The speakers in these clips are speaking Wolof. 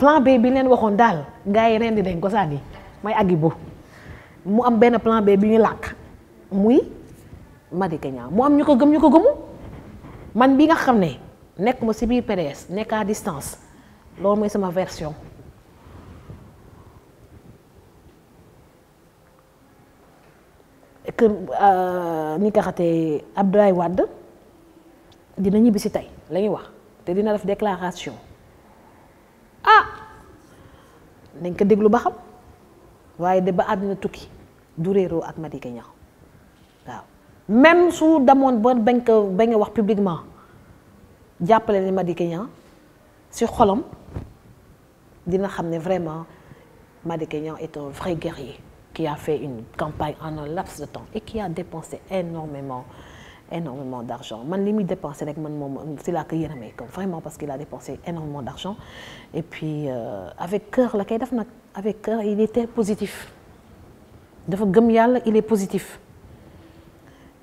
plan B bi leen waxoon daal gars yi ren dañ ko sànni may aggi bu mu am benn plan B bi ñu làkk muy Madické Niang mu am ñu ko gëm ñu ko gëmu man bi nga xam ne nekk ma si biir PDS nekk à distance loolu mooy sama version que euh, ni ko xatee Abdoulaye dina ñibbi si tey la ñuy wax te dina def déclaration nañ ko déglu ba xam waaye de ba àddina tukki du réeroo ak Madické Niang waaw même su demoon ba bañ ko bañ a wax publiquement jàppale ni Madické Niang si xolam dina xam ne vraiment Madické est un vrai guerrier qui a fait une campagne en un laps de temps et qui a dépensé énormément énormément d'argent. Man, m'a dépensé avec c'est là que vraiment parce qu'il a dépensé énormément d'argent. Et puis, euh, avec cœur, la avec cœur, il était positif. Yalla il est positif.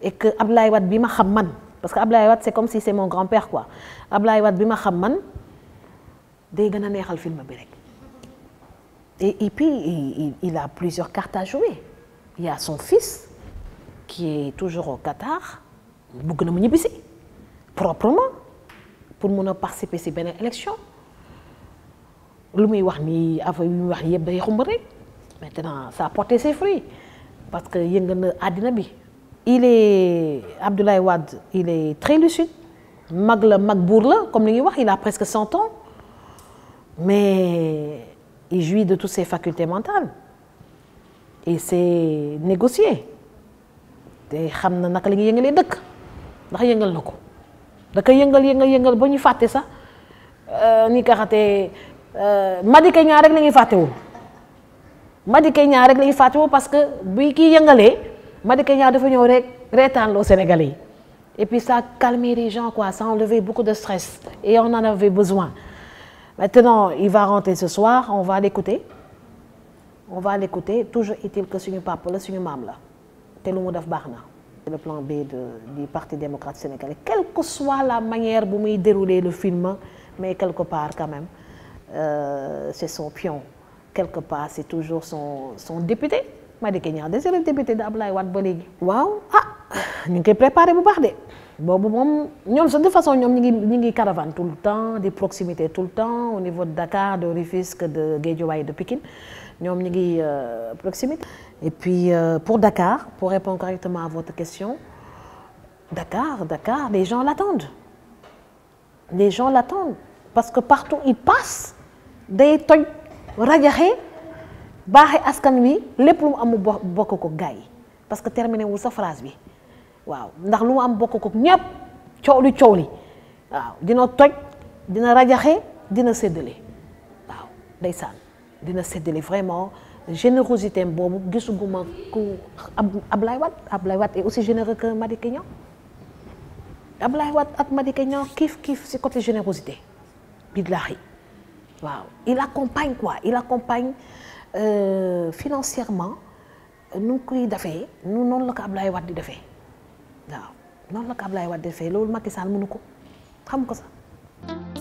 Et que Ablaye Wad Bima parce qu'Ablaye Wade c'est comme si c'est mon grand-père, quoi. Ablaye Wad Bima man il a le film. Et, puis, il, il a plusieurs cartes à jouer. Il y a son fils, qui est toujours au Qatar, bëgg na mu ñibbisi proprement pour mun a participer si beneen élection lu muy wax nii affaire yu muy wax yëpp day xumb rek maintenant ça a porté ses fruits parce que yëngal na àddina bi. il est Abdoulaye Wade il est très lucide mag la mag buur la comme li ñuy wax il a presque cent ans mais il jouit de toutes ses facultés mentales et c'est négocier te xam na naka la ñuy yëngalee dëkk ndax yëngal na ko da koy yëngal yëngal yëngal ba ñu fàtte sax euh, ni ka xatee euh, Madické ñaar rek la ñuy fàttewul Madické ñaar rek la ñuy fàttewul parce que bi kii yëngalee Madické Niang dafa ñëw rek reetaanloo Sénégalais yi et puis ça a calmé les gens quoi ça a enlevé beaucoup de stress et on en avait besoin maintenant il va rentrer ce soir on va l'écouter on va l'écouter toujours est-il que suñu papa la suñu mam la te lu mu def baax na le plan B du Parti démocrate sénégalais. Quelle que soit la manière dont il déroule le film, mais quelque part quand même, euh, c'est son pion. Quelque part, c'est toujours son, député. Je le député d'Ablaï Wadbolig. Wow, ah, nous sommes préparés pour parler bon toute de façon nous sommes caravane tout le temps des proximités tout le temps au niveau de Dakar de Rifisque, de et de Pékin. nous avons proximité. et puis euh, pour Dakar pour répondre correctement à votre question Dakar Dakar les gens l'attendent les gens l'attendent parce que partout ils passent des toj rajaxe des askan wi lépp lu mu am bokk ko gars parce que terminer wul sa phrase oui waaw ndax lu am bokk ko ñëpp coow li waaw dina toj dina rajaxe dina séddale waaw ndeysaan dina séddale vraiment générosité am boobu gisuguma ku ab Ablaye wat Ablaye wat est aussi généreux que Madické Niang Ablaye Wade ak Madické Niang kiif si côté générosité Bidlari. waaw il accompagne quoi il accompagne euh, financièrement nu ngi koy defee nu noonu la ko Ablaye wat di defee waaw noonu la ko Ablaye Wade defee loolu Macky Sall mënu ko xam ko sax.